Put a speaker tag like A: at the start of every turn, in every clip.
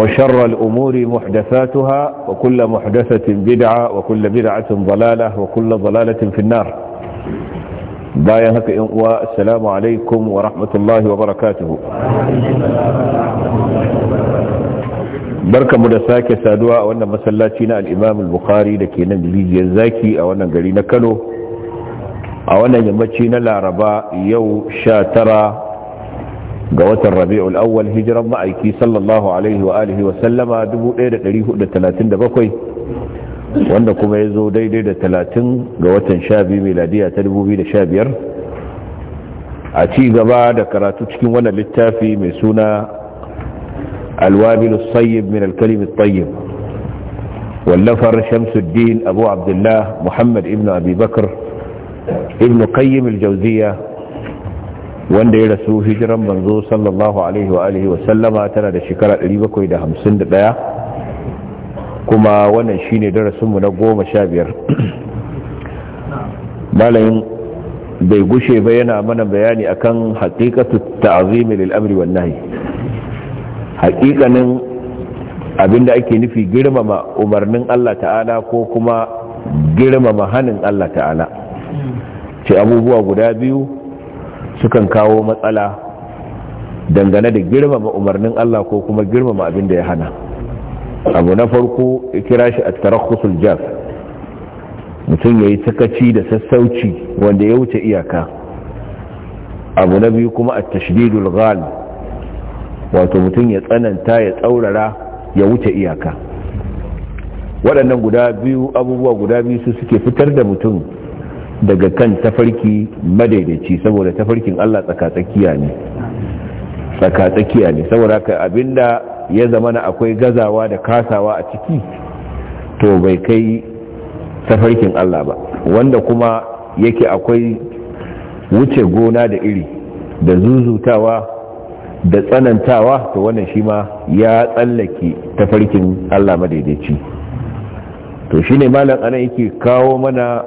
A: وشر الأمور محدثاتها وكل محدثة بدعة وكل بدعة ضلالة وكل ضلالة في النار بايهك والسلام عليكم ورحمة الله وبركاته barka mu da sake saduwa a wannan masallaci na al'imam al da ke nan rijiyar zaki a wannan gari na kano a wannan yammaci na laraba yau sha tara جوات الربيع الأول هجرة مأيكي صلى الله عليه وآله وسلم أدبو إيرا قريه دا تلاتين دا بكوي واندكم يزو دي دي تلاتين جوات شابي ميلادية تدبو بي دا شابير أتيغ بعد كراتو تشكي وانا للتافي ميسونا الوابل الصيب من الكلم الطيب واللفر شمس الدين أبو عبد الله محمد ابن أبي بكر ابن قيم الجوزية wanda ya rasu hijiran manzo sallallahu alaihi wa alihi wa sallama tana da shekara 751 kuma wannan shine darasinmu na goma sha biyar malamin bai gushe ba yana mana bayani akan haqiqatu ta'zimi lil amri wan nahi haqiqanin abinda ake nufi girmama umarnin Allah ta'ala ko kuma girmama hanin Allah ta'ala ce abubuwa guda biyu sukan kawo matsala dangane da girmama umarnin Allah ko kuma girmama abin da ya hana abu na farko kira shi a tarakhusul jaf mutum ya yi sakaci da sassauci wanda ya wuce iyaka abu na biyu kuma a tashdidul ghal wato mutum ya tsananta ya tsaurara ya wuce iyaka waɗannan guda biyu abubuwa guda biyu su suke fitar da mutum daga kan tafarki madaidaici saboda tafarkin Allah tsakatsakiya ne tsakatsakiya ne saboda ka abinda ya zama na akwai gazawa da kasawa a ciki to bai kai tafarkin Allah ba wanda kuma yake akwai wuce gona da iri da zuzutawa da tsanantawa to wannan shi ma ya tsallake tafarkin Allah madaidaici to shine malam anan yake kawo mana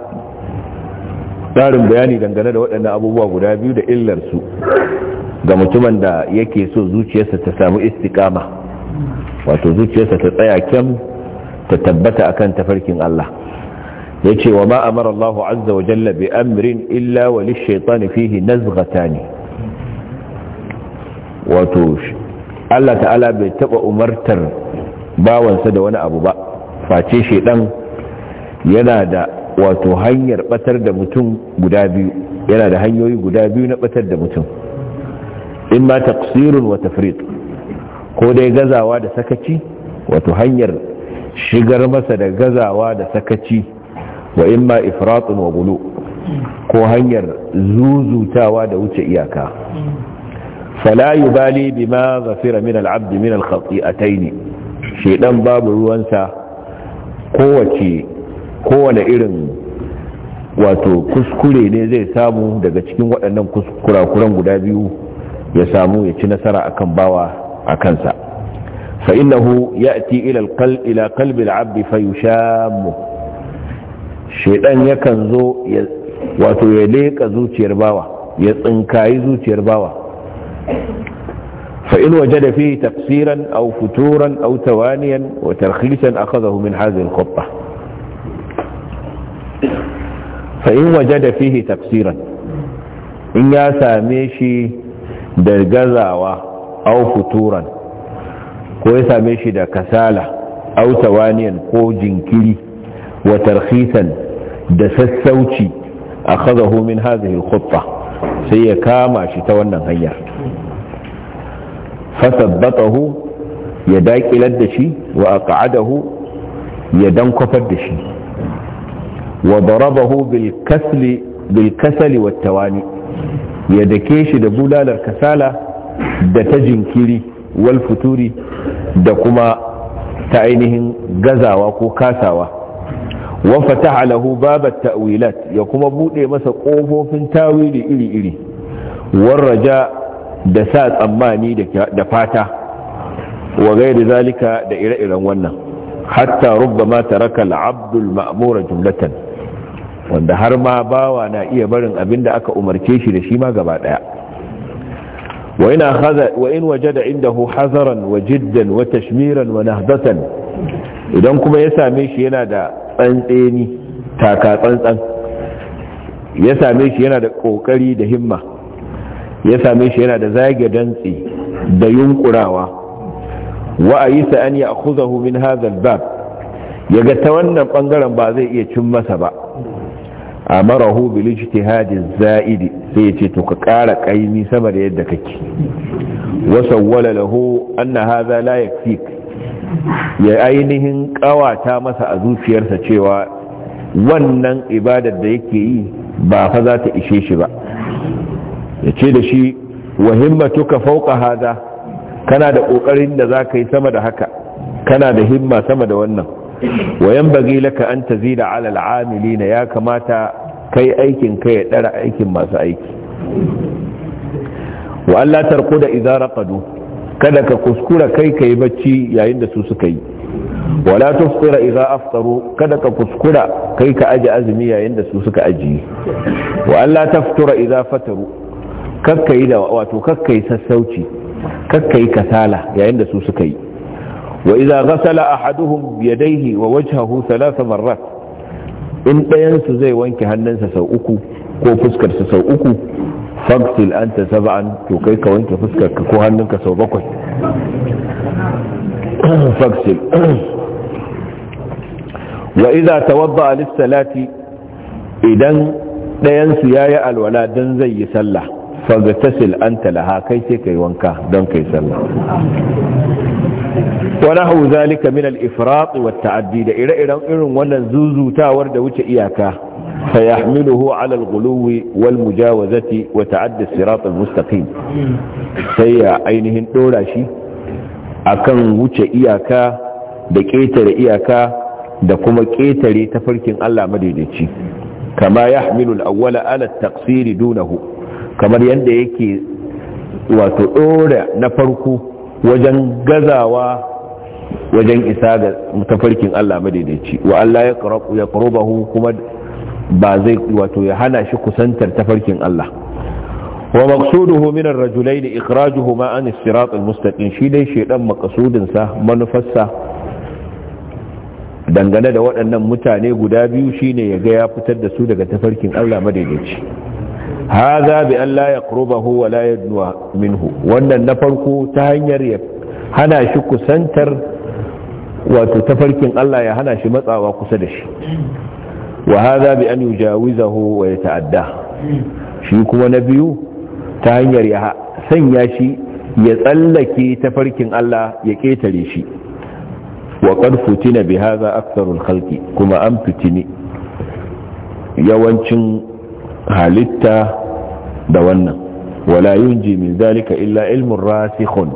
A: tsarin bayani dangane da waɗannan abubuwa guda biyu da illarsu ga mutumin da yake so zuciyarsa ta samu istiƙama wato zuciyarsa ta tsaya kyan ta tabbata akan tafarkin Allah ya ce wa ma amara Allahu azza wa jalla bi amrin illa wa lishaitani fihi nazghatani wato Allah ta'ala bai taɓa umartar bawansa da wani abu ba face shaidan yana da wato hanyar batar da mutum guda biyu yana da hanyoyi guda biyu na batar da mutum in ma taqsirun wata tafriq ko dai gazawa da sakaci wato hanyar shigar masa da gazawa da sakaci wa in ma ifratun wa gulu ko hanyar zuzutawa da wuce iyaka fala yubali ma zafira min al-abd min al-khati'atayn shedan babu ruwansa kowace kowane irin wato kuskure ne zai samu daga cikin waɗannan kurakuran guda biyu ya samu ya ci nasara a kan bawa a kansa fa innahu ya'ti ila alqal ila qalbi al'abd sha mu shaidan yakan zo wato ya leka zuciyar bawa ya tsinkayi zuciyar bawa fa ina waje da fi tafsiran au futuran au tawaniyan wa a kazahu min hazin kwabba fa in da fihi tafsiran in ya same shi da gazawa au futuran ko ya same shi da kasala au tawaniyan ko jinkiri wa tarhisan da sassauci a min hadhihi khutta sai ya kama shi ta wannan hanyar fasabbatahu ya daƙilar da shi wa aqadahu ya dan kwafar da shi wa darabahu bil kasli bil kasali tawani ya dake shi da bulalar kasala da ta jinkiri walfuturi da kuma ta ainihin gazawa ko kasawa wa fataha lahu babat ta'wilat ya kuma bude masa kofofin tawili iri iri war raja da sa tsammani da fata wa gairi zalika da ire-iren wannan hatta rubbama taraka al-abdul ma'mura jumlatan wanda har ma bawa na iya barin abin da aka umarce shi da shi ma gaba daya wa in wajada indahu hazaran wa jiddan wa tashmiran wa nahdatan idan kuma ya same shi yana da tsantseni taka tsantsan ya same shi yana da kokari da himma ya same shi yana da zage dantsi da yunkurawa wa ayisa an ya min hadha al-bab yaga ta wannan bangaren ba zai iya cin masa ba amarahu bil ijtihadi zaidi sai ya ce to ka kara kaimi sama da yadda kake wa sawwala lahu anna hadha la yakfik ya ainihin kawata masa a zuciyarsa cewa wannan ibadar da yake yi ba fa za ta ishe shi ba ya ce da shi wa himmatuka fawqa hadha kana da kokarin da zaka yi sama da haka kana da himma sama da wannan wa yanbaghi laka an tazida ala na ya kamata kai aikin kai ya ɗara aikin masu aiki wa Allah da izara kadu, kada ka kuskura kai kai bacci yayin da su suka yi Wa wala tufsira idza aftaru kada ka kuskura kai ka aji azumi yayin da su suka aji wa Allah taftura idza fataru kakkai da wato kakkai sassauci kakkai kasala yayin da su suka yi wa idza ghasala ahaduhum yadayhi wa wajhahu thalath marrat in ɗayansu zai wanke hannunsa sau uku ko fuskarsa sau uku fagsil anta sab'an to kai ka wanke fuskarka ko hannunka sau bakwai fagsil wa idza tawadda lis-salati idan ɗayansu yayi alwala dan zai yi sallah fagtasil laha kai ce kai wanka don kai sallah wani hau zalika min al-ifrat wa da ire-iren irin wannan zuzutawar da wuce iyaka fa yahmiluhu ala al-ghuluwi wal mujawazati wa ta'addi sirat al sai ya ainihin dora shi akan wuce iyaka da ƙetare iyaka da kuma ƙetare ta farkin Allah madaidaici kama yahmilu al-awwala ala at dunahu kamar yanda yake wato dora na farko wajen gazawa wajen isa ga tafarkin Allah madaidaici wa Allah ya ya qurbahu kuma ba zai wato ya hana shi kusantar tafarkin Allah wa maqsuduhu min ar-rajulayn ikhrajuhuma an as-sirat al-mustaqim shi dai shedan maqsudin sa manufarsa dangane da waɗannan mutane guda biyu shine ya ga ya fitar da su daga tafarkin Allah madaidaici hadha bi an la yaqrubahu wa la yadnuwa minhu wannan na farko ta hanyar ya hana shi kusantar wato tafarkin Allah ya hana shi matsawa kusa da shi wa hadha bi an yujawizahu wa yata'adda shi kuma na biyu ta hanyar ya sanya shi ya tsallake tafarkin Allah ya ketare shi wa qad futina bi hadha aktharul khalqi kuma an fitini yawancin halitta da wannan wala yunji min zalika illa ilmun rasikhun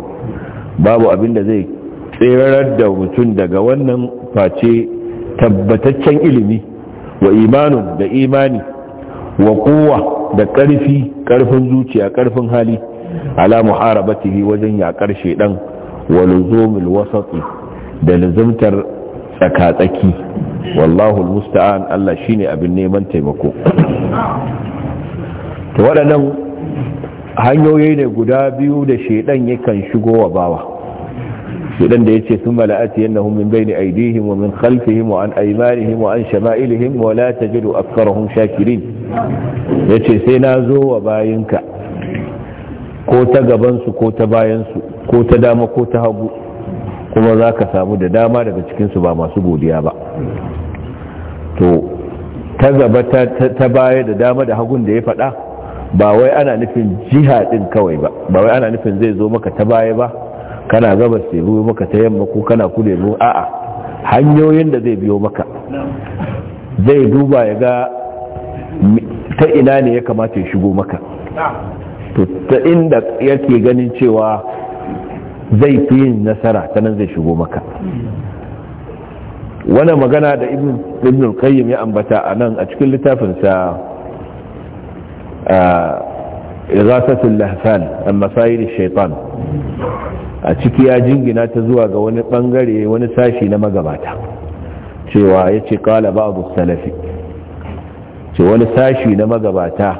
A: babu abin da zai tserar da mutum daga wannan face tabbataccen ilimi wa imanun da imani wa kowa da ƙarfi ƙarfin zuciya ƙarfin hali ala muharabatihi wajen yaƙar shedan wa luzumul wasati da luzumtar tsakatsaki wallahu musta'an Allah shine abin neman taimako Ta waɗannan hanyoyi ne guda biyu da shaidan yakan shigo wa bawa shedan da yace sun mala'ati yannahum min bayni aydihim wa min khalfihim wa an aymanihim wa an shama'ilihim wa la tajidu aktharahum shakirin yace sai na zo wa bayinka ko ta gaban su ko ta bayan su ko ta dama ko ta hagu kuma za ka samu da dama daga cikinsu ba masu godiya ba to ta gaba ta baya da dama da hagun da ya faɗa ba wai ana nufin jiha ɗin kawai ba ba wai ana nufin zai zo maka ta baya ba kana gabas ya maka ta yamma ko kana kudu ya a'a hanyoyin da zai biyo maka zai duba ya ga ta ina ne ya kamata ya shigo maka to ta inda yake ganin cewa zai fi yin nasara ta nan zai shigo maka wani magana da ibn qayyim ya ambata a nan a cikin littafinsa a igasatul lahfan a masayil shaitan a ciki ya jingina ta zuwa ga wani bangare wani sashi na magabata cewa ya ce kala babu salafi ce wani sashi na magabata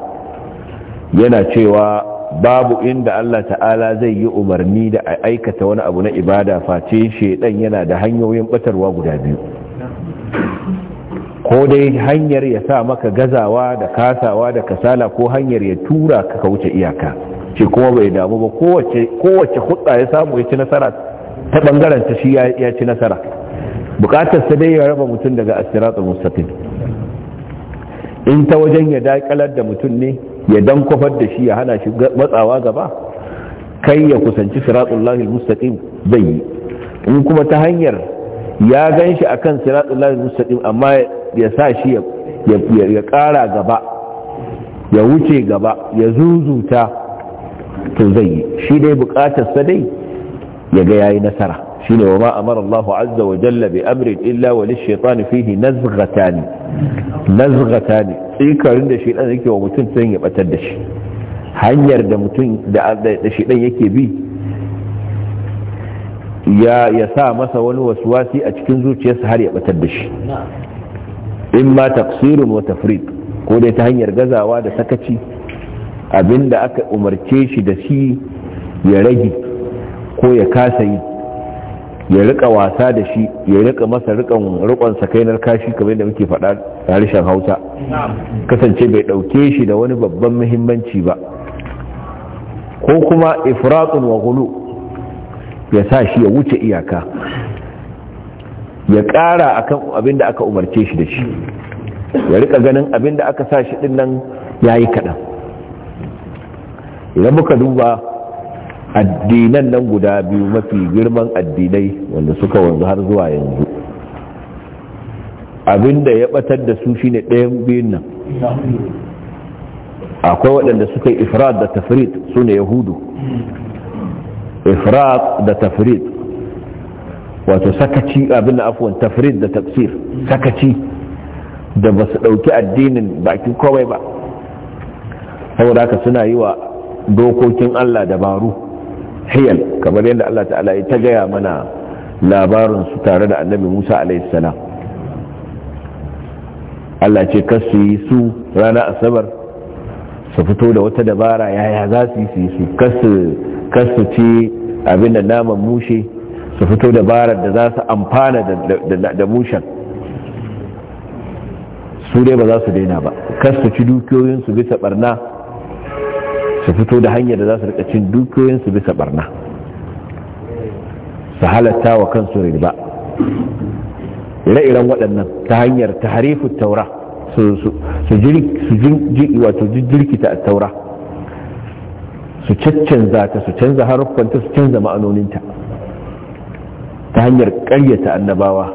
A: yana cewa babu inda Allah ta'ala zai yi umarni da a aikata wani abu na ibada face shaidan yana da hanyoyin batarwa guda biyu ko dai hanyar ya sa maka gazawa da kasawa da kasala ko hanyar ya tura ka kauce iyaka shi kuma bai damu ba kowace hudda ya samu ya ci nasara ta bangaren ta shi ya ci nasara bukatar sa dai ya raba mutum daga asiratul mustaqim in ta wajen ya dakalar da mutum ne ya dan kofar da shi ya hana shi matsawa gaba kai ya kusanci Lahil mustaqim zai yi in kuma ta hanyar ya gan shi akan Lahil mustaqim amma ya sa shi ya kara gaba ya wuce gaba ya zuzuta to zai yi shi dai sa dai ya ga yayi nasara shi ne wa ma amara Allah azza wa jalla bi amrin illa wa lishaitan fihi nazghatan nazghatan tsikarin da shi dan yake wa mutum sai ya batar da shi hanyar da mutum da shi dan yake bi ya ya sa masa wani waswasi a cikin zuciyarsa har ya batar da shi in ma taqsirun wa tafriq ko dai ta hanyar gazawa da sakaci Abin da aka umarce shi da shi ya rage ko ya kasa yi ya rika wasa da shi ya rika masa rikan rikon sakainar kashi kamar da muke faɗa a harshen hausa kasance bai ɗauke shi da wani babban muhimmanci ba
B: ko kuma ifratun
A: wa gulu ya sa shi ya wuce iyaka ya ƙara akan abin da aka umarce shi da shi ya rika ganin abin da aka sa shi ɗin nan ya yi kaɗan idan muka duba addinan nan guda biyu mafi girman addinai wanda suka wanzu har zuwa yanzu abinda ya batar da su shine ɗayan biyun nan akwai waɗanda suka yi ifrat da tafrit su ne yahudu ifrat da tafrit wato sakaci abin da afuwan tafrit da tafsir sakaci da ba su ɗauki addinin bakin kowai ba saboda haka suna yi wa dokokin Allah dabaru hiyal kamar yadda Allah ta'ala ya ta gaya mana labarin su tare da annabi Musa alayhi salam Allah ce kar su yi su rana asabar su fito da wata dabara yaya za su yi su kar su ci abin da naman mushe su fito dabarar da za su amfana da mushen su dai ba za su daina ba kar su ci dukiyoyinsu bisa barna su fito da hanyar da za su rika cin dukiyoyinsu bisa barna su halatta wa kansu riba ire-iren waɗannan ta hanyar ta harifu taura su jirkita a taura su canza ta su canza haruffanta su canza ma'anoninta ta hanyar ƙaryata annabawa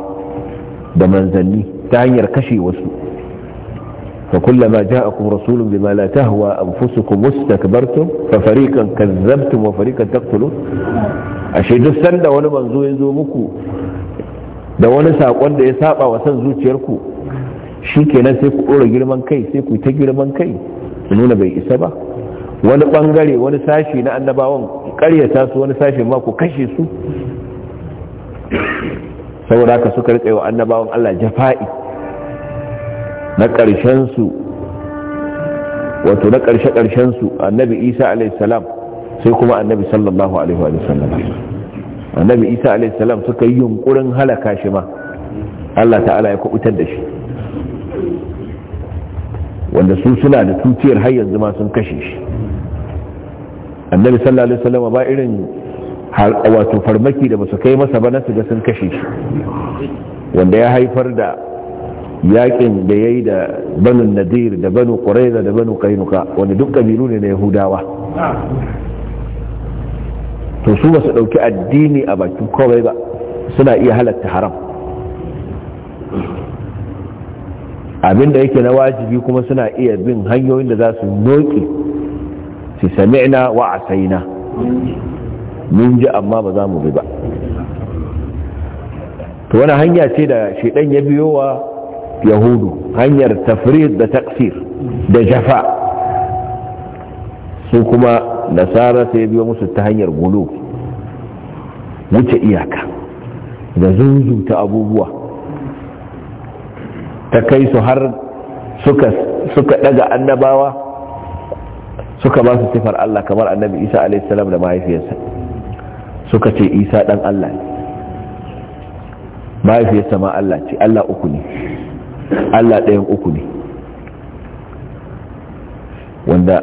A: da manzanni ta hanyar kashe wasu فكلما جاءكم رسول بما لا تهوى أنفسكم استكبرتم ففريقا كذبتم وفريقا تقتلون ashe duk sanda wani manzo ya zo muku da wani sakon da ya saba wa san zuciyarku shikenan sai ku dora girman kai sai ku ta girman kai ku nuna bai isa ba wani bangare wani sashi na annabawan karyata su wani sashi ma ku kashe su saboda haka suka rika wa annabawan Allah jafa'i na ƙarshensu wato na ƙarshe ƙarshensu annabi isa alaihissalam sai kuma annabi sallallahu alaihi wa sallam annabi isa alaihissalam suka yi yunkurin halaka shi ma allah ta'ala ya kubutar da shi wanda su suna da tutiyar har yanzu ma sun kashe shi annabi sallallahu alaihi wasallam ba irin wato farmaki da ba su kai masa ba na su ga sun kashe shi wanda ya haifar da yakin da ya yi da banu nadir da banu ƙuraiza da banu kainuka wanda duk ƙabilu ne na yahudawa to su ba su ɗauki addini a bakin kawai ba suna iya halatta haram da yake na wajibi kuma suna iya bin hanyoyin da za su noki su sami'na wa asaina mun ji amma ba za mu bi ba to wani hanya ce da shaidan ya biyo wa yahudu hanyar tafrid da taksir da jafa su kuma nasara sai biyo musu ta hanyar gulu wuce iyaka da zunzuta abubuwa ta kai su har suka daga annabawa suka ba su sifar Allah kamar annabi Isa a.s. da mahaifiyarsa suka ce Isa dan Allah mahaifiyarsa ma Allah ce Allah uku ne Allah ɗayan uku ne wanda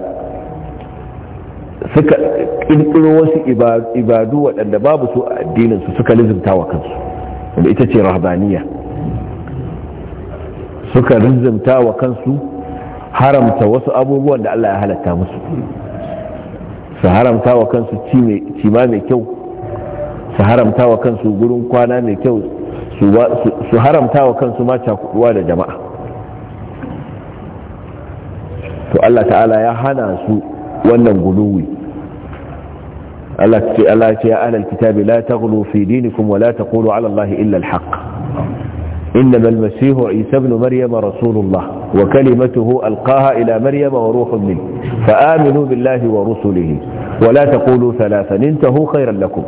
A: suka ƙirƙiro wasu ibadu waɗanda babu su a addininsu suka lizinta wa kansu wanda ita ce rahabaniya suka lizinta wa kansu haramta wasu abubuwan da Allah ya halatta musu su haramta wa kansu cima mai kyau su haramta wa kansu gurin kwana mai kyau su haramta wa kansu ma cakuduwa da jama'a to Allah ta'ala ya hana su wannan guluwi Allah ce ya alal kitabi la taghlu fi dinikum wa la taqulu ala Allah illa al-haqq إنما المسيح عيسى ابن مريم رسول الله وكلمته ألقاها إلى مريم وروح منه فآمنوا بالله ورسله ولا تقولوا ثلاثا انتهوا خيرا لكم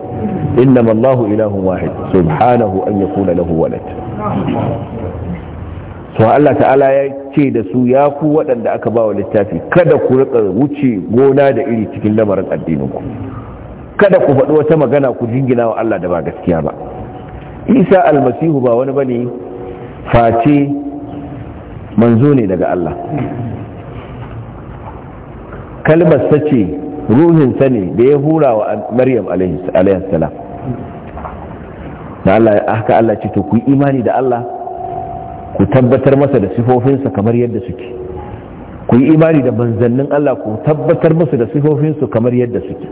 A: إنما الله إله واحد سبحانه أن يكون له ولد so Allah ta'ala ya ce da su ya ku waɗanda aka ba wa littafi kada ku rika wuce gona da iri cikin lamarin addininku kada ku faɗi wata magana ku jingina wa Allah da ba gaskiya ba Isa almasihu ba wani bane face manzo ne daga Allah kalmar sace ruhinsa ne da ya hura wa maryam salam da Allah haka Allah ce to ku imani da Allah ku tabbatar masa da sifofinsa kamar yadda suke ku yi imani da manzannin Allah ku tabbatar masa da sifofinsu kamar yadda suke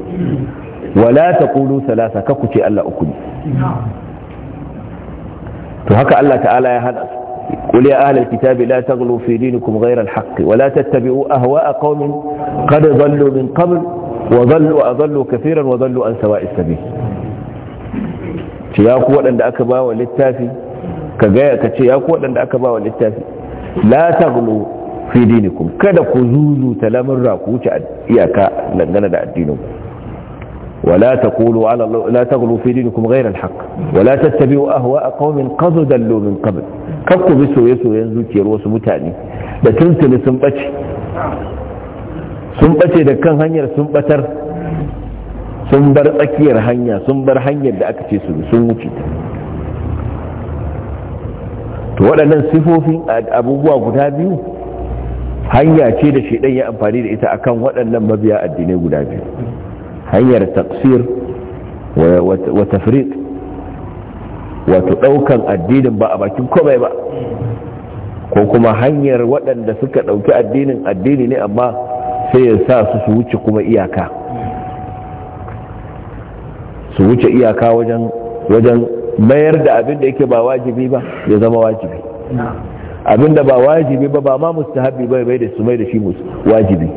A: wala taqulu salasa ka ku ce Allah uku ne to haka Allah ta'ala ya hada ya su la taghlu fi dinikum ghayra alhaq wa la tattabi'u الحق ولا qad dhallu min qabl wa dhallu wa dhallu kathiran wa dhallu an sawa'is sabil ya ku wadanda aka ba wa littafi ka ga ka ce ya ku wadanda aka ba wa littafi la taghlu fi dinikum kada ku zuzu ta raku ku iyaka dangane da addininku ولا تقولوا على الله لا تغلوا في دينكم غير الحق ولا تتبعوا أهواء قوم قد دلوا من قبل كفوا بسو يسو ينزوكير wasu mutane da tuntuni sun bace
B: sun kan
A: hanyar sun batar
B: sun bar tsakiyar
A: hanya sun bar hanyar da aka ce su sun wuce to waɗannan sifofin abubuwa guda biyu hanya ce da shaidan yi amfani da ita akan waɗannan mabiya addinai guda biyu hanyar taksir wa tafriq wato ɗaukan addinin ba a bakin komai ba ko kuma hanyar waɗanda suka ɗauki addinin addini ne amma sai ya sa su su wuce kuma iyaka su wuce iyaka wajen mayar da abin da yake ba wajibi ba ya zama wajibi abin da ba wajibi ba ba ma habi bai bai da su mai da shi wajibi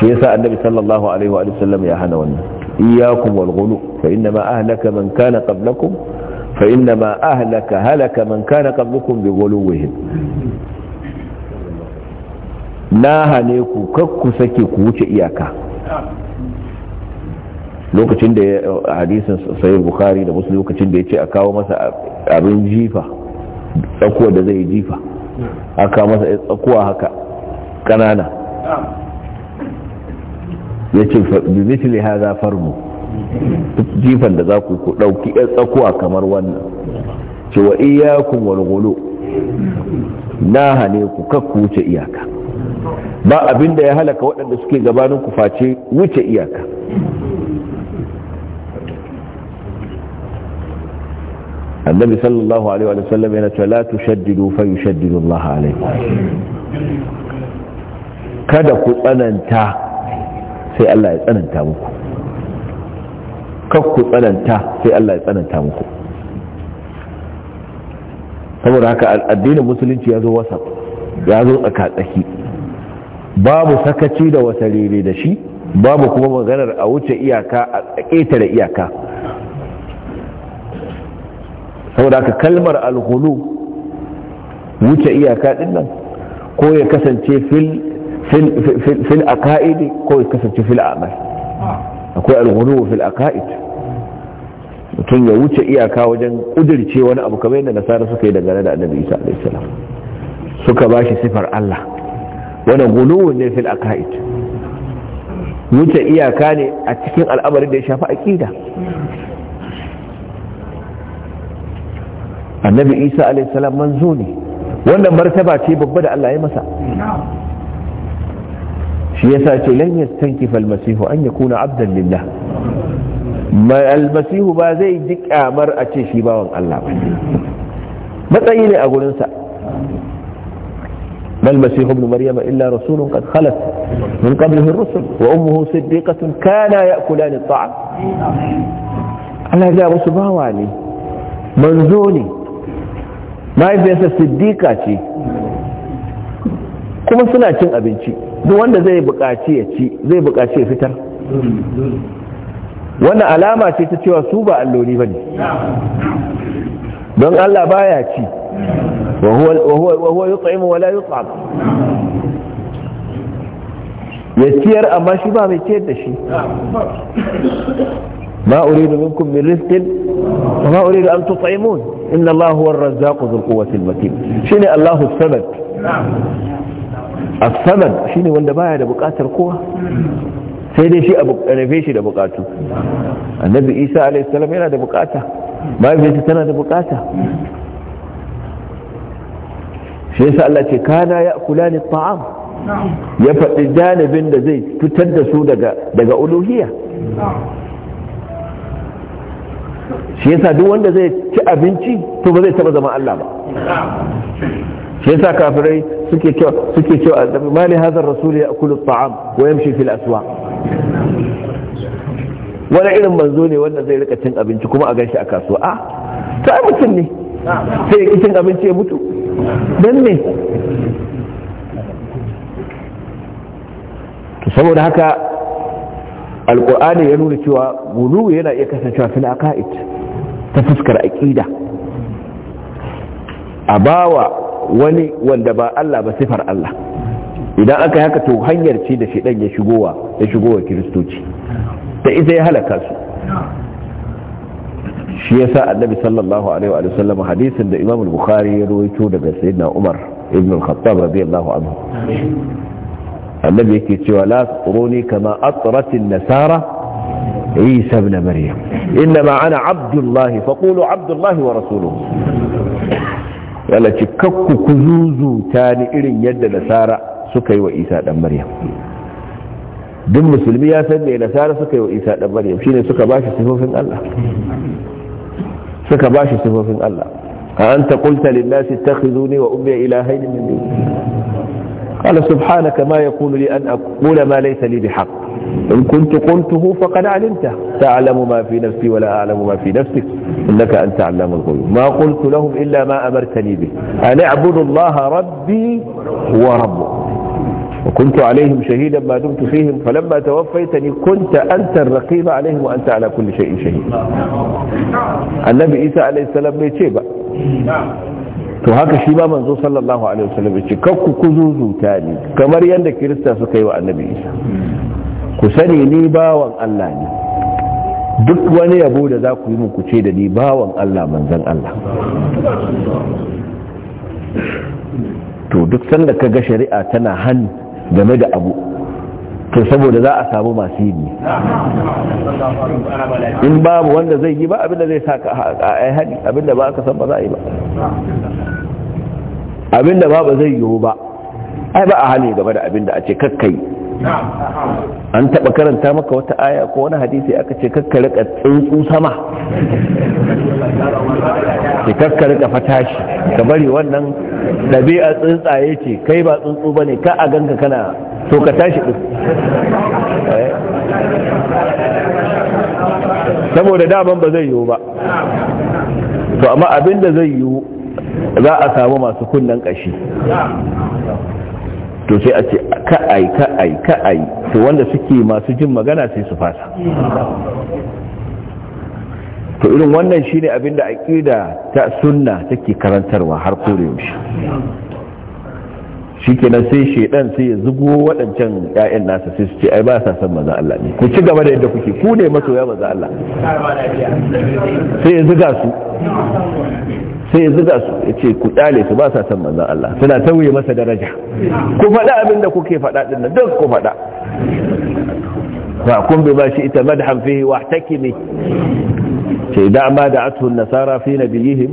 A: shi yasa annabi sallallahu alaihi wa sallam ya hana wannan iyyakum wal ghulu fa inna ma ahlaka man kana qablakum fa inna ma ahlaka halaka man kana qablakum bi ghuluwihim na hane ku kakku sake ku wuce iyaka lokacin da hadisin sai bukhari da muslim lokacin da ya ce a kawo masa abin jifa tsakuwa da zai jifa aka masa tsakuwa haka ƙanana. ya ce bi haza farmu jifan da za ku ku ɗauki ‘yan tsakuwa kamar wannan ce wa iyakun walgulo na hane ku kakku wuce iyaka ba abin da ya halaka waɗanda suke gabanin ku face wuce iyaka annabi sallallahu alaihi wa sallam yana cewa la tushaddidu fa yushaddidu Allah alaikum kada ku tsananta sai Allah ya tsananta muku kakku tsananta sai Allah ya tsananta muku saboda haka addinin musulunci ya zo wasa ya zo tsakatsaki babu sakaci da wata rere da shi babu kuma maganar a wuce iyaka a ƙetare iyaka saboda haka kalmar alhulu wuce iyaka din nan ko ya kasance fil fil aqaidi ko ya kasance fil a'mal akwai alghulu fil aqaid mutum ya wuce iyaka wajen kudirce wani abu kamar yadda nasara suka yi dangane da annabi isa alaihi salam suka bashi sifar Allah wani gulu ne fil aqaid wuce iyaka ne a cikin al'amarin da ya shafi aqida annabi isa alaihi salam manzo ne wannan martaba ce babba da Allah ya masa شيء يسأل لن يستنكف المسيح أن يكون عبدا لله ما المسيح ما زي دك أمر أتشي باون الله ما تأيلي أقول إنسا ما المسيح ابن مريم إلا رسول قد خلت من قبله الرسل وأمه صديقة كان يأكلان الطعام على ذا وسباواني منزوني ما يبي يسأل صديقة كما سنعتم أبنتي duk wanda zai buƙaci ya ci zai buƙaci ya fitar wannan alama ce ta cewa su ba alloli ba ne don Allah baya ci wa huwa yut'imu wa la yut'am ya ciyar amma shi ba mai ciyar da shi ما أريد منكم من رزق وما أريد أن Inna Allahu الله هو الرزاق ذو القوة Shi ne Allahu sanad. as shi shine wanda baya da bukatar kowa sai dai shi abu rabe shi da bukatu annabi isa alayhi salam yana da bukata mahaifiyarsa tana da bukata shi yasa Allah ce kana ya kula ni ta'am ya faɗi janibin da zai fitar da su daga daga uluhiyya shi yasa duk wanda zai ci abinci to ba zai taba zama Allah ba shi yasa kafirai suke cewa suke cewa mali hadha rasul ya akulu taam wa yamshi fil aswaq wani irin manzo ne wanda zai rika cin abinci kuma a ganshi a kasuwa a ah, ta mutum ne sai ya cin abinci ya mutu dan ne saboda haka alkur'ani ya nuna cewa gulu yana iya kasancewa fil aqaid ta fuskar aqida a bawa wani wanda ba Allah ba sifar Allah idan aka haka to hanyar ce da shi ya shigowa ya shigowa kiristoci da ita ya halaka su shi yasa annabi sallallahu alaihi wa sallam hadisin da imam bukhari ya rawaito daga sayyidina umar ibn al-khattab radiyallahu anhu annabi yake cewa la tsuruni kama atrat nasara isa ibn maryam inma ana abdullahi faqulu abdullahi wa rasuluhu wala cikakku kakku ku zuzuta ni irin yadda nasara suka yi wa isa dan maryam duk musulmi ya san me nasara suka yi wa isa dan maryam shine suka bashi sifofin Allah suka bashi sifofin Allah a anta qulta lin nasi ittakhizuni wa ummi ilahayn min duni قال سبحانك ما يكون لي أن أقول ما ليس لي بحق إن كنت قلته فقد علمته تعلم ما في نفسي ولا أعلم ما في نفسك إنك أنت علام الغيوب ما قلت لهم إلا ما أمرتني به أن اعبدوا الله ربي وربك وكنت عليهم شهيدا ما دمت فيهم فلما توفيتني كنت أنت الرقيب عليهم وأنت على كل شيء شهيد النبي إيسى عليه السلام بيتشيبه to haka shi ba manzo sallallahu alaihi wasallam ya ce kakku kuzuzuta ni kamar yadda kirista suka yi wa annabi isa ku sani ni bawan Allah ne duk wani yabo da za ku yi muku ce da ni bawan Allah manzan Allah to duk sanda ka ga shari'a tana hannu game da abu to saboda za a samu masu yi
B: in babu wanda
A: zai yi ba abinda zai sa a hadi abinda ba ka san ba za a yi ba abinda ba ba zai yiwu ba ai ba a hali game da abinda a ce kakkai an taba karanta maka wata aya ko wani hadisi aka ce kakkare ka tsuntsu sama ke kakkare ka fatashi ka bari wannan ɗabi'a tsuntsaye ce kai ba tsuntsu ba ne ka a ganka kana to ka tashi ɗin eh. saboda daman ba zai yiwu ba to amma abin da zai yiwu za a samu masu kunnan kashi to sai a ce ka'ai ka'ai ka'ai to wanda suke masu jin magana sai su fasa to irin wannan shine abin da aƙida ta sunna take karantarwa har kore yaushe shikenan sai shaidan sai ya zugo waɗancan ƴaƴan nasa sai su ce ai ba sa san maza Allah ne ku ci gaba da yadda kuke ku ne masoya maza Allah sai ya zuga su sai ya zuga su ya ce ku ɗale su ba sa san maza Allah suna tauye masa daraja ku faɗa abin da kuke faɗa ɗin nan duk ku faɗa fa kun bi ba shi ita madhan fihi wa ihtakimi Sai da ma da'atuhu an-nasara fi nabiyihim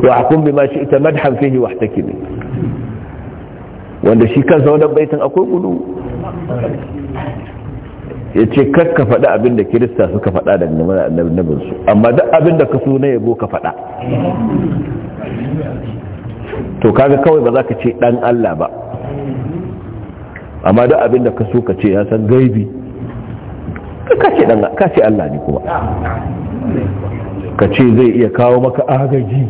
A: wa kun bi ma shi ita madhan fihi wa ihtakimi wanda shi kansa wadda baitin akwai gudu ya ce kakka faɗi abin da kirista suka faɗa da nabinsu?' amma duk abin da ka so na yabo ka faɗa to kaga kawai ba za ka ce ɗan Allah ba amma duk abin da ka so ka ce ya san gaibi ka ce Allah ne kuma ka ce zai iya kawo maka agaji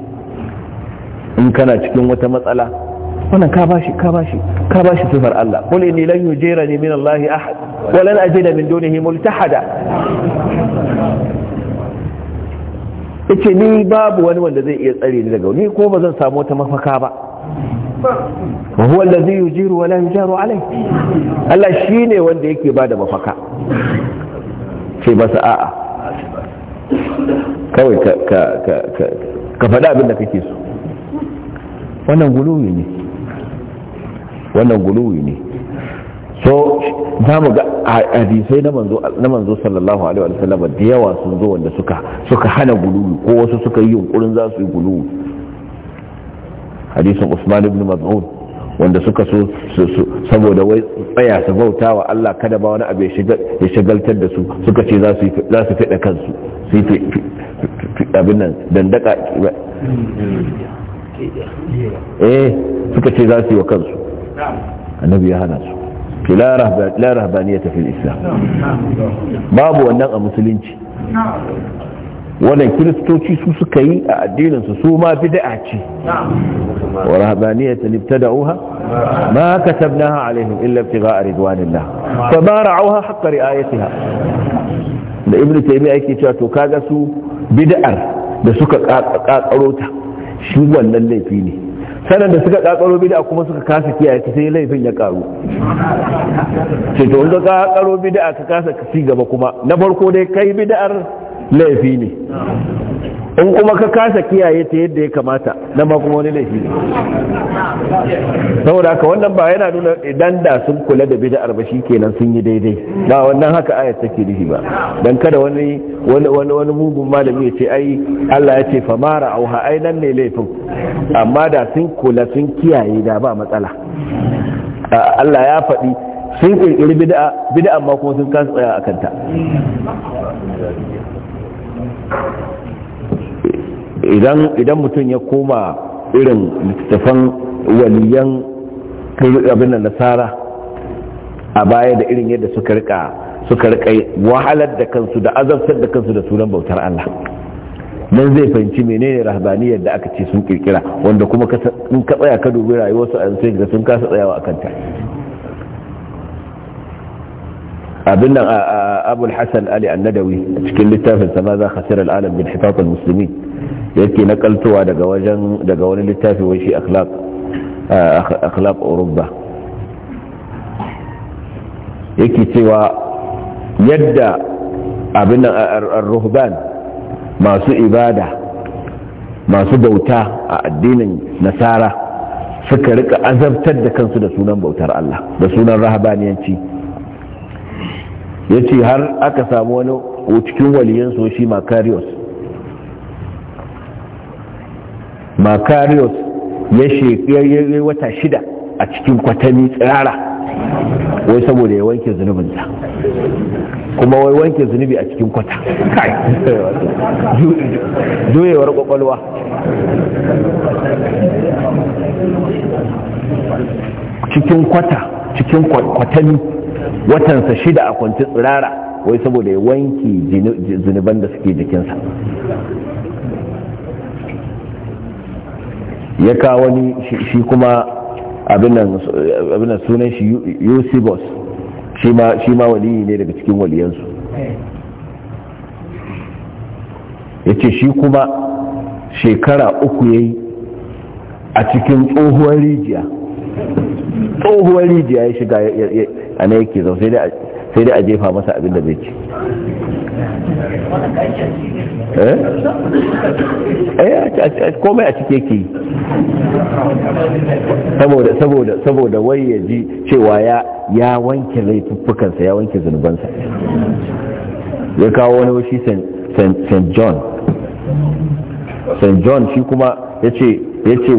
A: in kana cikin wata matsala wannan ka bashi ka bashi ka bashi sifar Allah qul inni lan yujirani min Allah ahad wa lan ajida min dunihi multahada yace ni babu wani wanda zai iya tsare ni daga ni ko ba zan samu wata mafaka ba wa huwa allazi yujiru wa la yujaru alai Allah shine wanda yake bada mafaka ce masa a'a kawai ka ka ka ka faɗa abin da kake so wannan guluwi ne wannan guluwi ne so za mu ga hadisai na manzo sallallahu alaihi wa sallam da yawa sun zo wanda suka suka hana guluwi ko wasu suka yi yunkurin za su yi guluwi hadisin Usman ibn Mas'ud wanda suka so saboda wai tsaya su bauta wa Allah kada ba wani abu ya shagaltar da su suka ce za su fiɗa kansu su yi abin nan dandaka eh suka ce za su yi wa kansu annabi ya hana su ki la rahbaniyata fil islam babu wannan a musulunci wannan kiristoci su suka yi a addininsu su ma bid'a ce wa rahbaniyatan ibtada'uha ma katabnaha alaihim illa ibtigha'a ridwanillah fa ma ra'awha haqqa ri'ayatiha da ibnu taymiya yake cewa to kaga su bid'ar da suka kakaro ta shi wannan laifi ne sanan da suka kakaro bid'a kuma suka kasa kiyaye ta sai laifin ya karu ce to wanda ka kakaro bid'a ka kasa ci gaba kuma na farko dai kai bid'ar laifi ne in kuma ka kasa kiyaye ta yadda ya kamata na ma kuma wani laifi ne saboda haka wannan ba yana nuna idan da sun kula da arba shi kenan sun yi daidai ba wannan haka ayat take nufi ba dan kada wani wani wani mugun malami ya ce ai Allah ya ce famara auha ai nan ne laifin amma da sun kula sun kiyaye da ba matsala Allah ya faɗi sun kirkiri bid'a bid'a ma kuma sun kasa tsaya akan ta idan mutum ya koma irin littattafan waliyan abin da nasara a baya da irin yadda suka rika suka rika wahalar da kansu da azabtar da kansu da sunan bautar Allah nan zai fahimci menene rahbaniyar da aka ce sun kirkira wanda kuma in ka tsaya ka dubi rayuwarsu a sai sun kasa tsayawa akan ta abin nan abul hasan ali annadawi a cikin littafin ma za khasira al'alam bin hifatul muslimin yake na daga wajen daga wani littafi wai shi akhlaq akhlaq urubba yake cewa yadda abin nan ar-ruhban masu ibada masu bauta a addinin nasara suka rika azabtar da kansu da sunan bautar Allah da sunan rahabaniyanci ya ce har aka samu wani cikin waliyansu shi makarios makarios ya shekiyar wata shida a cikin kwatami tsirara wai saboda ya wanke zunubinsa kuma wai wanke zunubi a cikin kwata juyewar kwakwalwa
B: cikin kwata
A: cikin kwatami watansa shida a kwanci tsirara wai saboda ya wanki zunuban da suke jikinsa ya kawo wani shi kuma abinan sunan shi yusibos shi ma wani ne daga cikin waliyansu ya ce shi kuma shekara uku ya yi a cikin tsohuwar rijiya tsohuwar rijiya ya shiga a yake zau sai dai a jefa masa abin da zai ci eh? Eh, komai a cike ke saboda wai ya ji cewa ya wanke laifukansa ya wanke zunubansa ya kawo wani washi st john st john shi kuma ya ce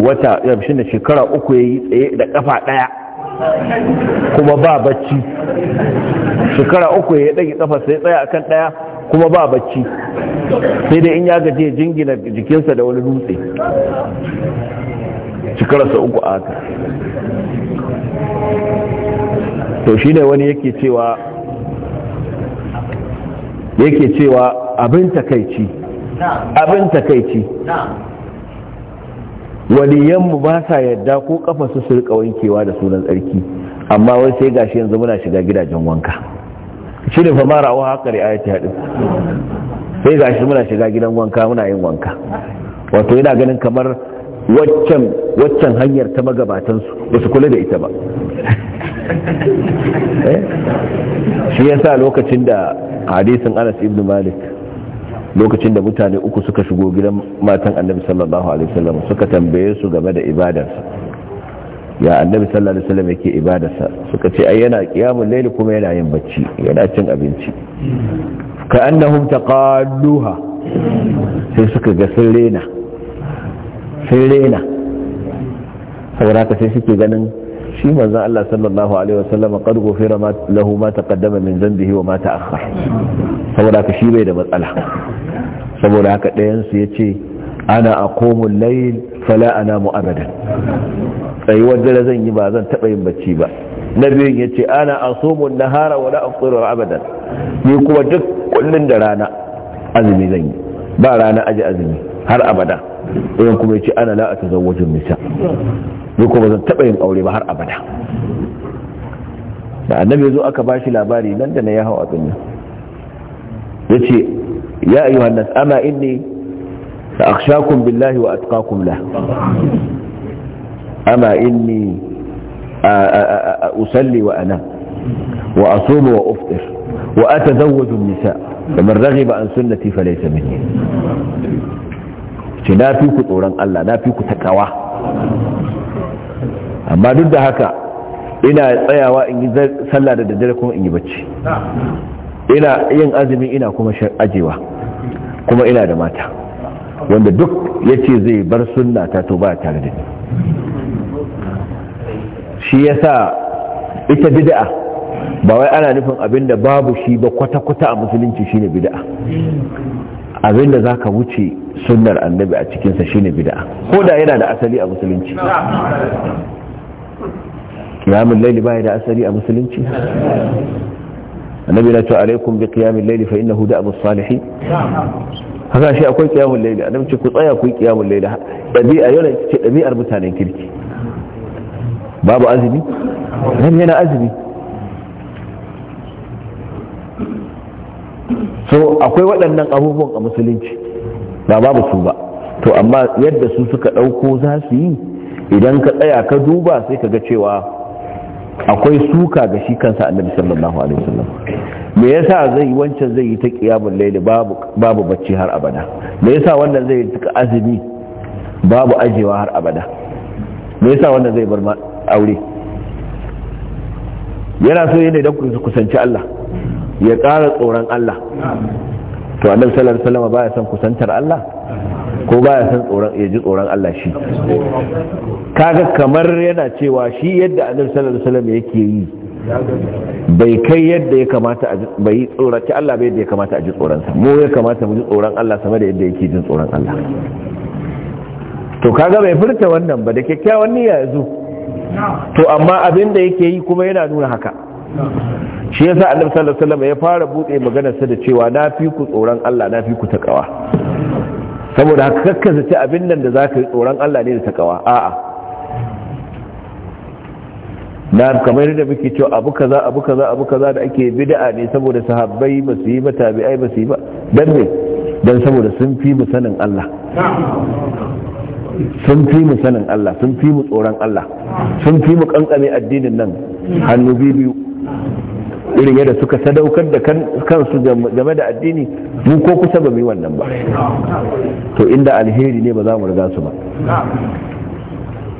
A: wata yamshin da shekara uku ya yi tsaye da kafa daya kuma ba bacci shekara uku ya ɗage kafa sai tsaya akan ɗaya kuma ba bacci sai dai in ya gaje jingina jikinsa da wani dutse
B: shekararsa uku a haka to
A: shi ne wani yake cewa yake cewa abin takaici
B: abin takaici
A: waliyanmu ba sa yadda ko kafa su su rika wankewa da sunan tsarki amma wai sai gashi yanzu muna shiga gidajen wanka shi ne fama ra'awa haka da ayati haɗin sai gashi muna shiga gidan wanka muna yin wanka wato yana ganin kamar waccan waccan hanyar ta magabatansu ba su kula da ita ba eh? shi yasa lokacin da hadisin anas ibn malik lokacin da mutane uku suka shigo gidan matan annabi sallallahu alaihi wasallam suka tambaye su game da ibadarsa ya annabi sallallahu alaihi wasallam yake ibadarsa suka ce ai yana qiyamul layl kuma yana yin bacci yana cin abinci ka annahum taqaduha sai suka ga sun rena sun rena sai suke ganin shi manzon Allah sallallahu alaihi wasallam qad ghufira lahu ma taqaddama min dhanbihi wa ma ta'akhkhar saboda haka shi bai da matsala saboda haka ɗayan su yace ana aqumu al-layl fala anamu abadan tsayuwar dare zan yi ba zan taɓa yin bacci ba na biyun ya ce ana asumun nahara wa la afsirar abadan ni kuma duk kullun da rana azumi zan yi ba rana aji azumi har abada ɗayan kuma ya ce ana la a wajen nisa ni kuma zan taɓa yin aure ba har abada da annabi ya zo aka ba shi labari nan da na ya hau abin nan ya ce ya ayi hannas ama inni da akshakun billahi wa atqakum la ama inni usalli wa ana wa asumu wa uftir wa atazawwaju nisa kamar raghiba an sunnati falaysa minni ce na fi ku tsoron Allah na fi ku takawa amma duk da haka ina tsayawa in yi sallah da daddare kuma in yi bacci ina yin azumi ina kuma ajewa kuma ina da mata wanda duk ya ce zai bar sunna ta to ba tare da ni shi ya sa ita bid'a ba wai ana nufin abinda babu shi ba kwata-kwata a musulunci shine bid'a abinda za ka wuce sunnar annabi a cikinsa shine bid'a ko da yana da asali a musulunci qiyamul layli bai da asali a musulunci annabi na ce alaikum bi qiyamil layli fa innahu da'abus salihin haka shi akwai qiyamul layli annabi ce ku tsaya ku yi qiyamul layli dabi'a yana ce dabi'ar mutanen kirki babu azumi nan yana azumi so akwai waɗannan abubuwan a musulunci ba babu su ba to amma yadda su suka ɗauko za su yi idan ka tsaya ka duba sai ka ga cewa akwai suka ga shi kansa annabi sallallahu alaihi wasallam me yasa zai wancan zai yi ta qiyamul layl babu babu bacci har abada me yasa wannan zai yi ta azumi babu ajewa har abada me yasa wannan zai bar aure yana so yana da kusanci Allah ya ƙara tsoron Allah to annabi sallallahu alaihi wasallam baya son kusantar Allah ko ya san tsoron ya ji tsoron Allah shi kaga kamar yana cewa shi yadda annabi sallallahu alaihi wasallam yake yi bai kai yadda ya kamata a bai tsoraci Allah bai yadda ya kamata a ji tsoron sa mu ya kamata mu ji tsoron Allah sama da yadda yake jin tsoron Allah to kaga bai furta wannan ba da kyakkyawan niyya yazo to amma abin da yake yi kuma yana nuna haka shi yasa annabi sallallahu alaihi wasallam ya fara bude maganar sa da cewa na fi ku tsoron Allah na fi ku takawa saboda haka kakka ci abin nan da zaka yi tsoron Allah ne da takawa a'a na kamar da muke cewa abu kaza abu kaza abu kaza da ake bid'a ne saboda sahabbai ba su yi ba tabi'ai ba su yi ba dan ne dan saboda sun fi mu sanin Allah sun fi mu sanin Allah sun fi mu tsoron Allah sun fi mu kankane addinin nan hannu biyu irin yadda suka sadaukar da kansu game da addini mu ko kusa ba mu yi wannan ba to inda alheri ne ba za mu riga su ba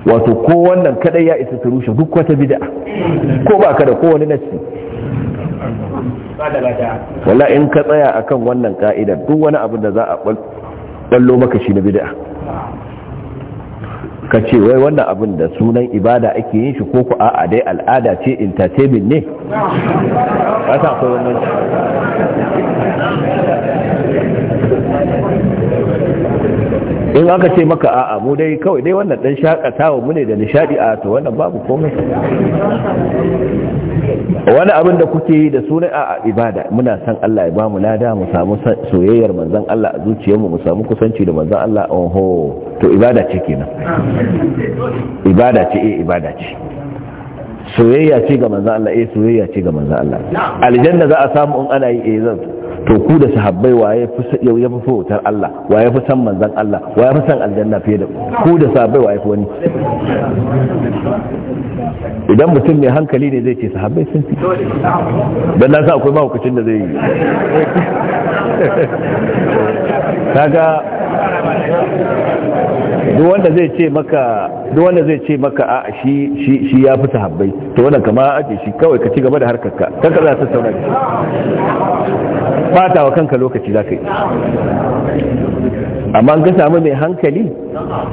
A: wato ko wannan kadai ya isa su rushe duk wata bid'a ko ba ka da kowane nasi wala in ka tsaya akan wannan ka'ida duk wani abu da za a ballo maka shi na bid'a ka ce wai wannan abin da sunan ibada ake yin shi ko ku a dai al'ada ce entertainment ne ba sa wannan in aka ce maka a'a mu dai kawai dai wannan dan shakatawa mu ne da nishadi a to wannan babu komai wani abin da kuke yi da sunan a ibada muna san Allah ya bamu lada mu samu soyayyar manzon Allah a zuciyarmu mu samu kusanci da manzon Allah oho to ibada ce kenan ibada ce eh ibada ce soyayya ce ga manzon Allah eh soyayya ce ga manzon Allah aljanna za a samu in ana yi eh zan to ku da sahabbai waye fi ya fi wutar Allah waye fi san manzon Allah waye fi san aljanna fiye da ku da sahabbai waye fi wani idan mutum mai hankali ne zai ce sahabbai sun fi dan na sa akwai mahaukacin da zai yi kaga duk wanda zai ce maka duk wanda a shi ya fi sahabbai to wannan kama aje shi kawai ka ci gaba da harkar ka kan ka za ta saura da shi fata wa kanka lokaci za ka yi amma ga samu mai hankali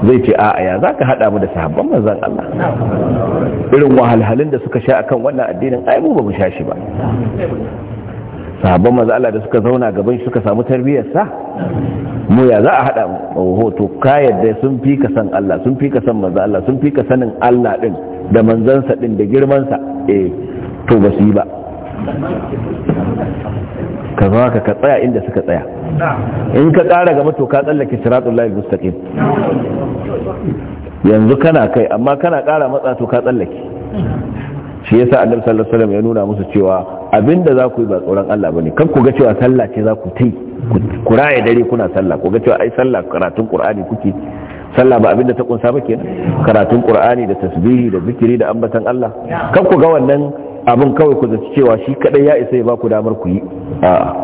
A: zai ce a ya za ka haɗa mu da sahabban manzan Allah irin wahalhalin da suka sha akan wannan addinin ai mu ba mu sha shi ba Sabon maza Allah da suka zauna gaban shi suka samu tarbiyyar sa mu ya za a hada hoto ka yadda sun fi ka san Allah sun fi ka san maza Allah sun fi ka sanin Allah din da manzansa din da girman sa eh to ba su yi ba ka zama ka tsaya inda suka tsaya in ka ƙara gaba to ka tsallake siratul lahi mustaqim yanzu kana kai amma kana ƙara matsa to ka tsallake shi ya sa annabi sallallahu alaihi wasallam ya nuna musu cewa abinda za ku yi ba tsoron Allah bane kan ku ga cewa sallah ce za ku ta ku raye dare kuna sallah ku ga cewa ai sallah karatun qur'ani kuke sallah ba abinda ta kunsa ba kenan karatun qur'ani da tasbihi da zikiri da ambatan Allah kan ku ga wannan abin kawai ku zaci cewa shi kadai ya isa ya ba ku damar ku yi a'a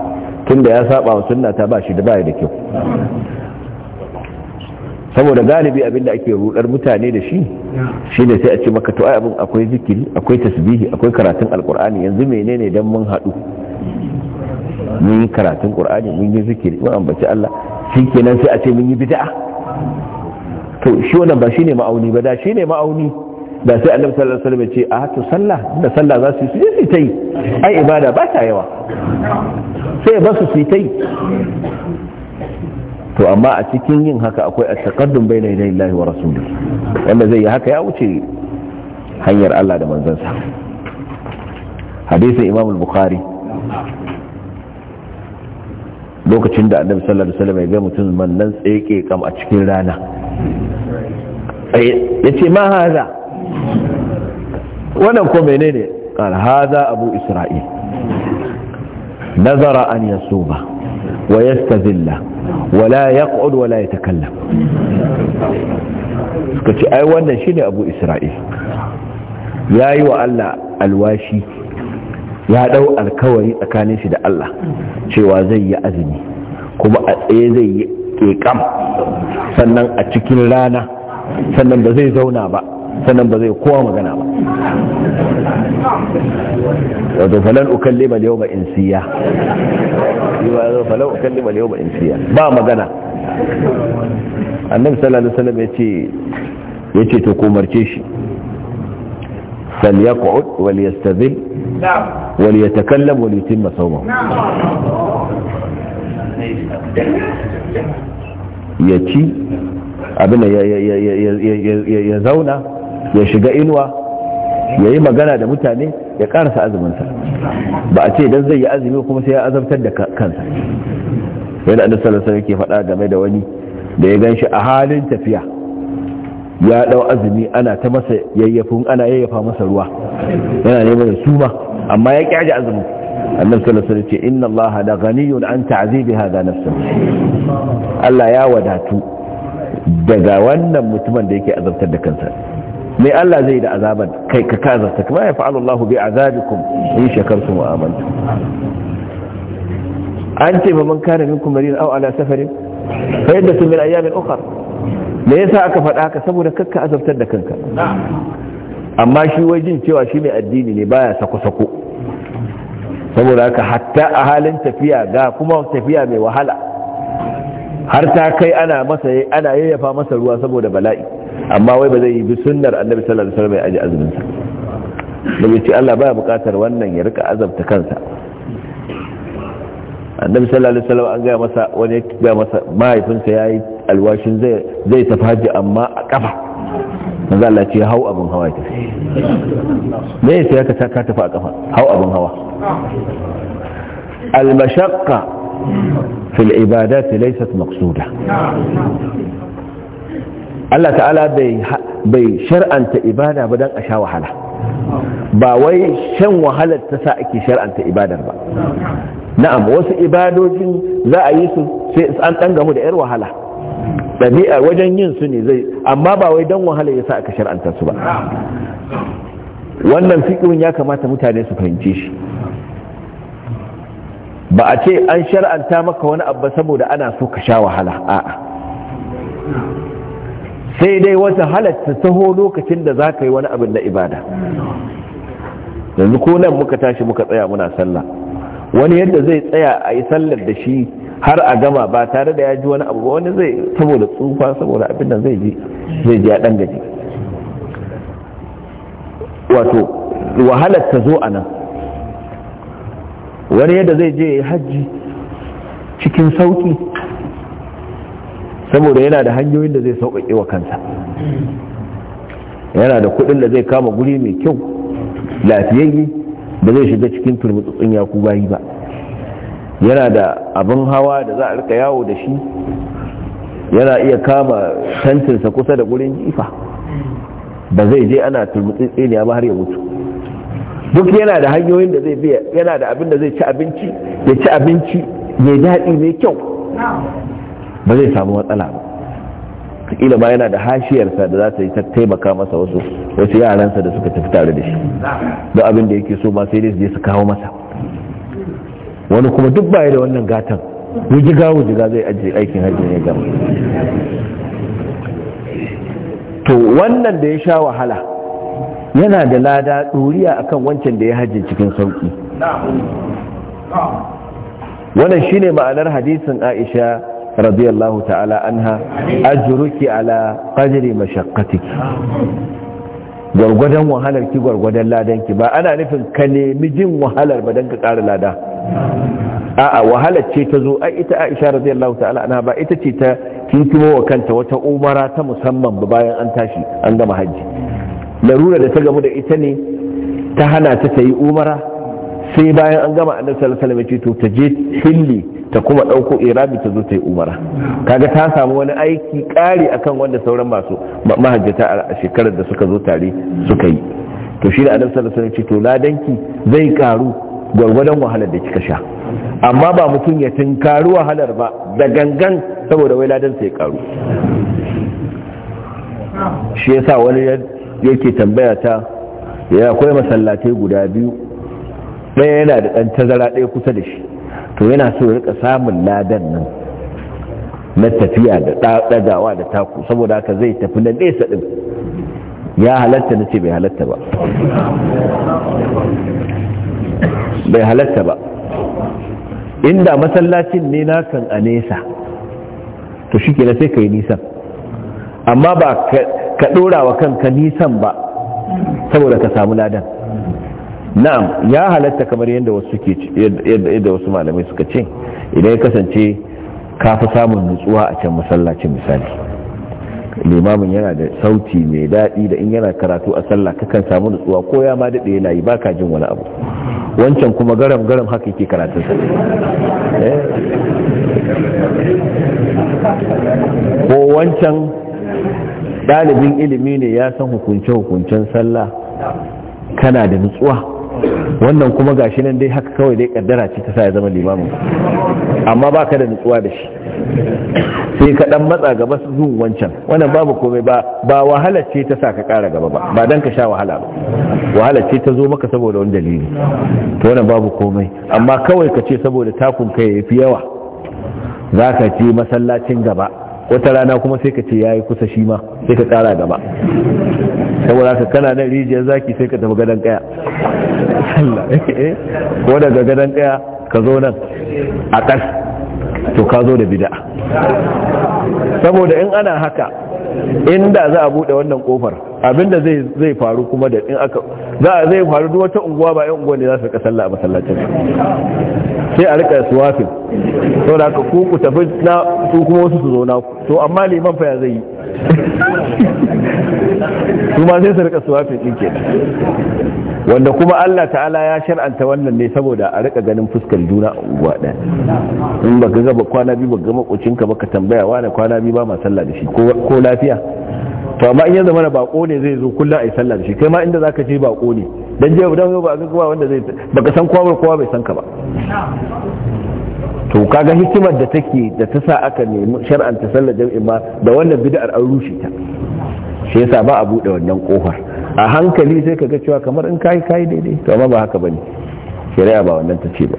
A: tunda ya saba wa sunna ta ba shi da bai da kyau saboda galibi abinda ake rudar mutane da shi shi ne sai a ce maka to ai abin akwai zikiri akwai tasbihi akwai karatun alkur'ani yanzu menene dan mun haɗu mun yi karatun qur'ani mun yi zikiri mun ambaci Allah shikenan sai a ce mun yi bid'a to shi wannan ba shine ma'auni ba da shine ma'auni da sai annabi sallallahu alaihi wasallam ya ce a to sallah da sallah za su yi su tai ai ibada ba ta yawa sai ba su su tai to amma a cikin yin haka akwai a takaddun bai na ilahi wa rasuli wanda zai yi haka ya wuce hanyar Allah da manzansa hadisin imam bukhari lokacin da annabi sallallahu alaihi wasallam ya ga mutum nan tseke kam a cikin rana ya ce ma haza wannan ko menene qal haza abu isra'il nazara an yasuba wa yastazilla wala yaq'ud wala yatakallam suka ce ai wannan shine abu isra'il yayi wa Allah alwashi ya ɗau alkawari tsakanin shi da Allah cewa zai yi azumi kuma a tsaye zai yi kekam sannan a cikin rana sannan ba zai zauna ba sannan ba zai kowa magana ba wato falan ukallima al in siya. falan ba magana annabi sallallahu alaihi wasallam yace yace to ko marce shi فليقعد وليستذل نعم وليتكلم وليتم صومه ya ci abin ya zauna ya shiga inuwa ya yi magana da mutane ya karasa azuminsa ba a ce don zai yi azumi kuma sai ya azabtar da kansa yadda annabi sallallahu alaihi ke game da wani da ya gan shi a halin tafiya ya dau azumi ana ta masa yayyafin ana yayyafa masa ruwa yana neman da suma amma ya kyaje azumin annabi sallallahu alaihi ce inna allaha da ghaniyun an ta'azibi hadha nafsuhu Allah ya wadatu daga wannan mutumin da yake azabtar da kansa Mai Allah zai da azaban kai ka kazarta kuma ya fa'alu Allah bi azabikum in an ce ba man kana minkum marid aw ala safarin yadda su min ayamin ukhra me yasa aka faɗa haka saboda kakka azabtar da kanka amma shi wai jin cewa shi mai addini ne baya sako-sako saboda haka hatta a halin tafiya ga kuma tafiya mai wahala har ta kai ana masa ana yayyafa masa ruwa saboda bala'i amma wai ba zai yi bi sunnar annabi sallallahu alaihi wasallam ya aje azumin sa daga ce Allah baya bukatar wannan ya rika azabta kansa annabi sallallahu alaihi wasallam an ga masa wani ga masa mahaifinsa yayi alwashin zai zai tafi haji amma a kafa manzo Allah ce hau abin hawa ya tafi me yasa ya ka tafi a kafa hau abin hawa al mashaqqa في العبادات ليست مقصودة Allah ta'ala bai shar'anta ibada ba don a sha wahala ba wai shan wahalar ta sa ake shar'anta ibada ba na'am wasu ibadojin za a yi su sai an dan gamu da 'yar wahala Ɗabi'a wajen yin su ne zai amma ba wai don wahala ya sa aka shar'anta su ba wannan fikirin ya kamata mutane su fahimci shi ba a ce an shar'anta maka wani abu saboda ana so ka sha wahala a'a sai dai wata halatta taho lokacin da za ka yi wani abin na ibada yanzu ko nan muka tashi muka tsaya muna sallah wani yadda zai tsaya a yi sallar da shi har a gama ba tare da ya ji wani abu wani zai saboda tsufa saboda abin da zai ji zai ji a ɗan gaji wato wahalar ta zo a nan wani yadda zai je ya yi hajji cikin sauki saboda yana da hanyoyin da zai sauƙaƙe wa kansa yana da kuɗin da zai kama guri mai kyau lafiyayye ba zai shiga cikin turmutsutsun yaku bayi ba yana da abin hawa da za a rika yawo da shi yana iya kama tantinsa kusa da gurin jifa ba zai je ana turmutsitsiniya ba har ya mutu duk yana da hanyoyin da zai biya yana da abin da zai ci abinci ya ci abinci mai daɗi mai kyau ba zai samu matsala ba kila ba yana da hashiyarsa da za ta yi ta taimaka masa wasu wasu yaransa da suka tafi tare da shi don abin da yake so ba sai dai su kawo masa wani kuma duk baya da wannan gatan gawo jiga zai ajiye aikin hajji ne gama to wannan da ya sha wahala yana da lada ɗuriya akan wancan da ya hajji cikin sauƙi wannan shine ma'anar hadisin aisha radiyallahu ta'ala anha ajruki ala qadri mashaqqatiki gwargwadon wahalar ki gwargwadon ladan ki ba ana nufin ka nemi jin wahalar ba dan ka ƙara lada a'a wahalar ce ta zo ai ita Aisha radiyallahu ta'ala anha ba ita ce ta kinkimo wa kanta wata umara ta musamman ba bayan an tashi an gama hajji larura da ta gamu da ita ne ta hana ta ta yi umara sai bayan an gama annabi sallallahu alaihi wasallam ya ce to ta je hilli ta kuma ɗauko irabi ta zo ta yi umara kaga ta samu wani aiki ƙari akan wanda sauran masu mahajjata a shekarar da suka zo tare suka yi to shi da adam sallallahu alaihi to ladanki zai karu gwargwadon wahalar da kika sha amma ba mutum ya tinkaru wahalar ba da gangan saboda wai ladan sai karu shi yasa wani yake tambaya ta ya akwai masallatai guda biyu ɗaya yana da ɗan tazara ɗaya kusa da shi to yana so ya rika samun ladan nan na tafiya da ɗagawa da taku saboda haka zai tafi na nesa ɗin ya halatta na ce bai halatta ba bai halatta ba inda masallacin ne na kan a nesa to shi ke sai ka yi nisan amma ba ka ɗora wa kanka nisan ba saboda ka samu ladan na'am ya halatta kamar yadda wasu suke yadda wasu malamai suka ce idan ya kasance ka fi samun nutsuwa a can masallacin misali limamin yana da sauti mai daɗi da in yana karatu a sallah kakan samu nutsuwa ko ya ma daɗe yana yi baka jin wani abu wancan kuma garam garam haka yake karatun eh? ko wancan ɗalibin ilimi ne ya san hukunce hukuncen sallah kana da nutsuwa wannan kuma gashi nan dai haka kawai dai kaddara ce ta sa ya zama limamin amma ba ka da nutsuwa da shi sai ka dan matsa gaba zuwa wancan wannan babu komai ba wahala ce ta sa ka kara gaba ba ba dan ka sha wahala ba wahala ce ta zo maka saboda wani dalili to wannan babu komai amma kawai ka ce saboda takun kai fi yawa za ka ci masallacin gaba wata rana kuma sai ka ce ya yi kusa shi ma sai ka tsara gaba saboda haka kana nan rijiyar zaki sai ka tafi gadon kaya eh, eh. ko daga gadon kaya ka zo nan a ƙas to ka zo da bida saboda in ana haka inda za a bude wannan kofar abinda zai zai faru kuma da in aka za a zai faru duk wata unguwa ba yan unguwa ne za su ka sallah a masallacin sai a rika suwafin to da ka ku ku tafi na su kuma wasu su zo na to amma liman fa ya zai yi kuma sai su rika suwafin din kenan wanda kuma Allah ta'ala ya shar'anta wannan ne saboda a rika ganin fuskar juna a unguwa ɗaya in baka gaza ba kwana biyu baka ga makocinka ka tambaya wane kwana biyu ba ma sallah da shi ko lafiya to amma in ya zama bako ne zai zo kullum a yi sallah da shi kai ma inda zaka je bako ne don je yau ba ga kowa wanda zai ka san kowa ba kowa bai san ka ba to kaga hikimar da take da ta sa aka nemi shar'anta sallar jam'i ma da wannan bid'ar an rushe ta shi yasa ba a bude wannan kofar a hankali sai ka ga cewa kamar in kai kai daidai to amma ba haka bane shari'a ba wannan ta ce ba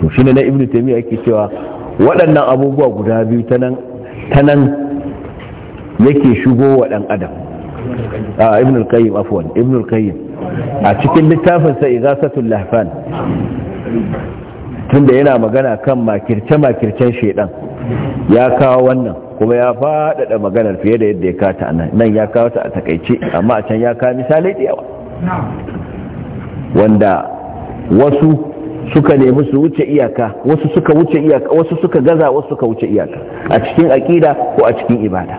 A: to shine na ibnu taymiya yake cewa waɗannan abubuwa guda biyu ta nan ta nan yake shigo wa ɗan adam a ibnu al-qayyim afwan ibnu al-qayyim a cikin littafin sa izasatul lahfan tunda yana magana kan makirce makircen shedan ya kawo wannan kuma ya faɗaɗa maganar fiye da yadda ya kata nan nan ya kawo ta a takaice amma a can ya kawo misalai da yawa wanda wasu suka nemi su wuce iyaka wasu suka wuce iyaka wasu suka gaza wasu suka wuce iyaka a cikin aƙida ko a cikin ibada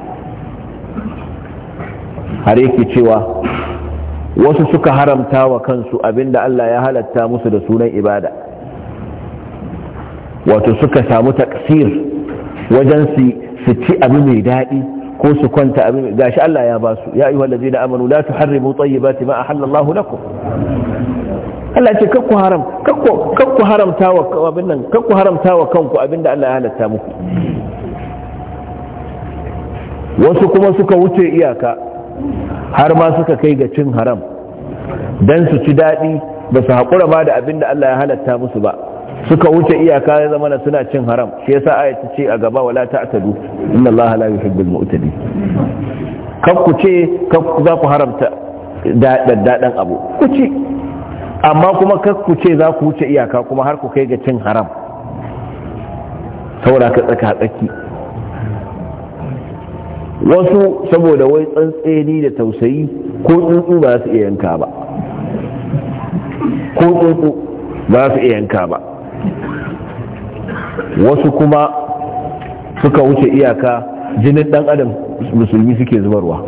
A: har yake cewa wasu suka haramta wa kansu abinda Allah ya halatta musu da sunan ibada wato suka samu taksir wajen su ci abu mai daɗi ko su kwanta abu mai gashi Allah ya ba su ya ayyuhal ladina amanu la tuharrimu tayyibati ma ahallallahu lakum Allah ce kakku haram kakku kakku haramta wa abin nan kakku haramta wa kanku abinda Allah ya halatta muku wasu kuma suka wuce iyaka har ma suka kai ga cin haram dan su ci daɗi ba su haƙura ma da abinda Allah ya halatta musu ba suka wuce iyaka ya zama na suna cin haram shi yasa aya ta ce a gaba wala atadu inna Allah la yuhibbul mu'tadi kan ku ce kaf za ku haramta daddadan abu ku ci amma kuma kan ku ce za ku wuce iyaka kuma har ku kai ga cin haram saboda ka tsaka tsaki wasu saboda wai tsantseni da tausayi ko tsuntsu ba su iya yanka ba ko tsuntsu ba su iya yanka ba
B: wasu kuma
A: suka wuce iyaka jinin dan adam musulmi suke zubarwa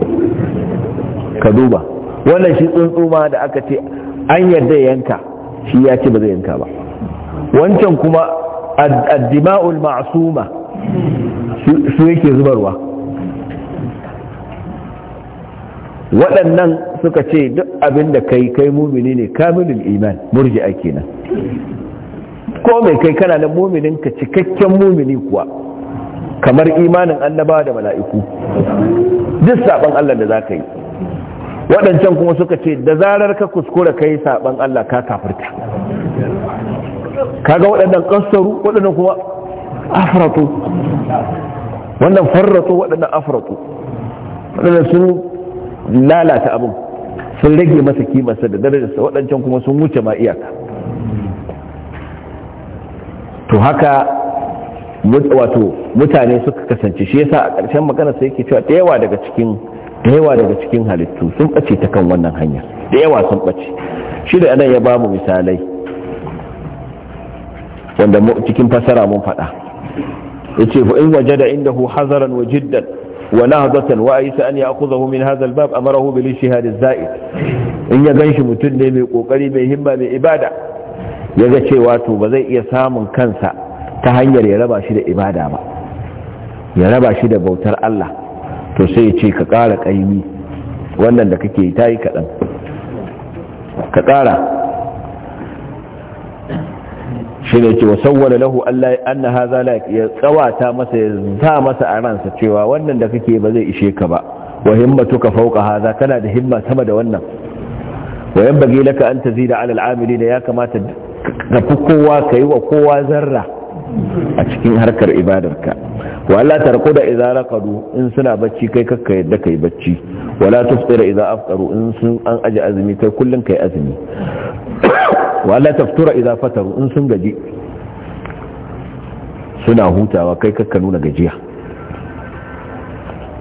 A: ka duba wannan shi tsuntsu ma da aka ce an yarda yanka shi ya ce ba zai yanka ba wancan kuma addima'ul ma'suma su yake zubarwa waɗannan suka ce duk abin da kai kai mumini ne kamilul iman murji'a kenan ko mai kai kana da muminin ka cikakken mumini kuwa kamar imanin annaba da mala'iku duk saban Allah da za ka yi waɗancan kuma suka ce da zarar ka kuskura ka yi saban Allah ka kafirta kaga waɗannan ƙasaru waɗannan kuma afratu wannan farratu waɗannan afratu waɗannan sun lalata abin sun rage masa kimarsa da darajarsa waɗancan kuma sun wuce ma iyaka to haka wato mutane suka kasance shi yasa a ƙarshen magana sai yake cewa da yawa daga cikin dayawa daga cikin halittu sun ɓace ta kan wannan hanya da sun ɓace shi da anan ya ba mu misalai wanda cikin fasara mun faɗa ya ce fa in wajada indahu hazaran wa jiddan wa nahzatan wa aisa an ya'khudhahu min hadha al-bab amarahu bil shihad zaid in ya ganshi mutum ne mai kokari mai himma mai ibada
B: ya ga cewa
A: to ba zai iya samun kansa ta hanyar ya raba shi da ibada ba ya raba shi da bautar Allah to sai ya ce ka ƙara ƙaimi wannan da kake ta yi kaɗan ka ƙara shi ne ce wa sauwada lahu an na haza ya tsawata masa ya za masa a ransa cewa wannan da kake ba zai ishe ka ba wa himmatu ka fauka haza kana da himma sama da wannan wa yan bagi laka an tazida ala al'amili da ya kamata ka fi kowa ka yi wa kowa zarra a cikin harkar ibadarka wala tarku da idza kadu in suna bacci kai kakka yadda kai bacci wala tufṭira idza afṭaru in sun an aji azumi kai kullun kai azumi wala taftura idza fataru in sun gaji suna hutawa kai kakka nuna gajiya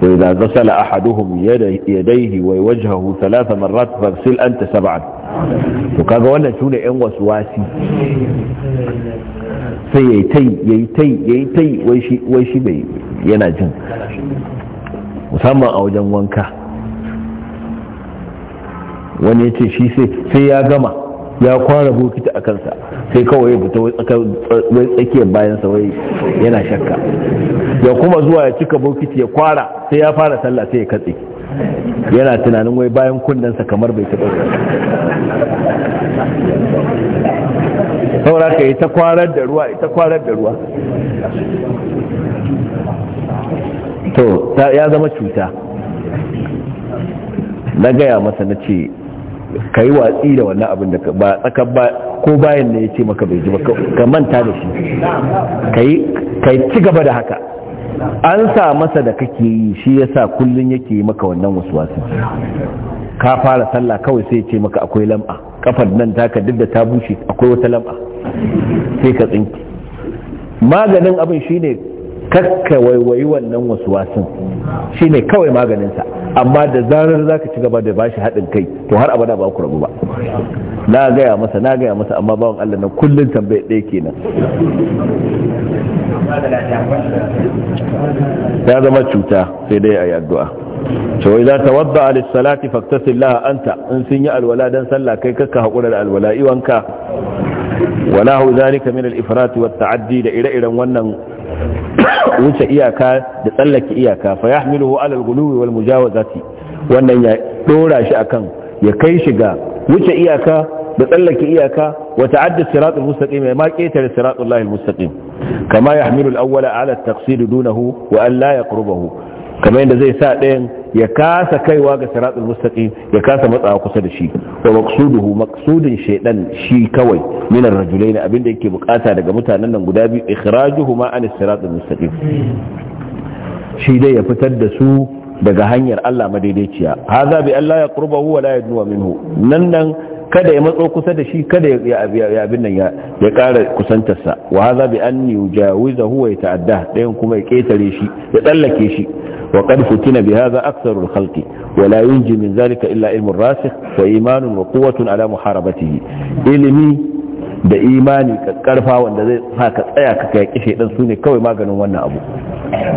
A: وإذا غسل أحدهم يديه ووجهه ثلاث مرات فاغسل أنت سبعا وكذا وانا شونا إن وسواسي سيتي يتي يتي ويشي, ويشي بي يناجن musamman a wajen wanka wani ya ce shi sai ya gama ya kwara bokiti a kansa sai kawai ya fita tsakiyar bayansa wai yana shakka ya kuma zuwa ya cika bokiti ya kwara sai ya fara sallah sai ya katse yana tunanin wai bayan kundansa kamar bai taɓa saura ka yi ta kwarar da ruwa ita kwarar da ruwa to ya zama cuta na gaya masa na ce ka yi watsi da wannan abin da ba tsakan ba ko bayan ne ya ce maka bai ji ba ka manta da shi ka yi ci gaba da haka an sa masa da kake yi shi yasa kullum yake yi maka wannan waswasi ka fara sallah kawai sai ce maka akwai lam'a kafar nan taka duk da ta bushe akwai wata lam'a sai ka tsinki maganin abin shine kakka waiwayi wannan Shi shine kawai maganinsa amma da zarar zaka ci gaba da bashi haɗin kai to har abada ba ku rabu ba na gaya masa na gaya masa amma bawan Allah na kullun tambaye ɗaya kenan ya zama cuta sai dai a yi addu'a to idza tawadda lis salati faktasil laha anta in sun yi alwala don sallah kai kakka haƙura da alwala iwanka wala hu zalika min al ifrat wa ta'addi da ire-iren wannan wuce iyaka da tsallake iyaka fa yahmiluhu ala al ghuluwi wal mujawazati wannan ya dora shi akan ya kai shi ga wuce iyaka da tsallake iyaka wa ta'addi siratul mustaqim ya ma ketare siratul lahi al mustaqim kama ya hamilu al'awwala ala taksiri dunahu wa Allah ya yaqrubahu kamar yadda zai sa ɗayan ya kasa kaiwa ga siratul mustaqim ya kasa matsawa kusa da shi wa maqsuduhu maqsudin shaydan shi kawai min ar abin abinda yake bukata daga mutanen nan guda biyu ikhrajuhuma an siratul mustaqim shi dai ya fitar da su daga hanyar Allah madaidaiciya haza bi Allah ya qurbahu wa la yadnu minhu nan nan kada ya matso kusa da shi kada ya abin nan ya kara kusantarsa wa haza bi an yujawiza huwa ya ta'adda dayan kuma ya ketare shi ya tsallake shi wa qad futina bi hadha aktharu al-khalqi wa la yunji min zalika illa ilmu rasikh wa imanun wa quwwatun ala muharabatihi ilimi da imani karfa wanda zai sa ka tsaya ka kai kishe dan sune kawai maganin wannan abu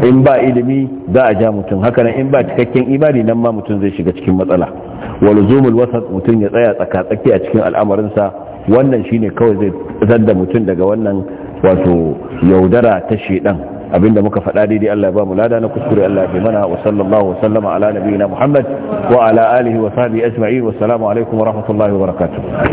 A: in ba ilimi za a ja mutum haka nan in ba cikakken imani nan ma mutum zai shiga cikin matsala wa wasa mutum ya tsaya tsaka tsaki a cikin al'amarinsa wannan shine kawai zai da mutum daga wannan wato yaudara ta shedan abinda muka faɗa daidai Allah ya ba mu lada na kuskure Allah ya mana wa sallallahu wa sallama ala nabiyina Muhammad wa ala alihi wa sahbihi ajma'in wa assalamu alaikum wa rahmatullahi wa barakatuh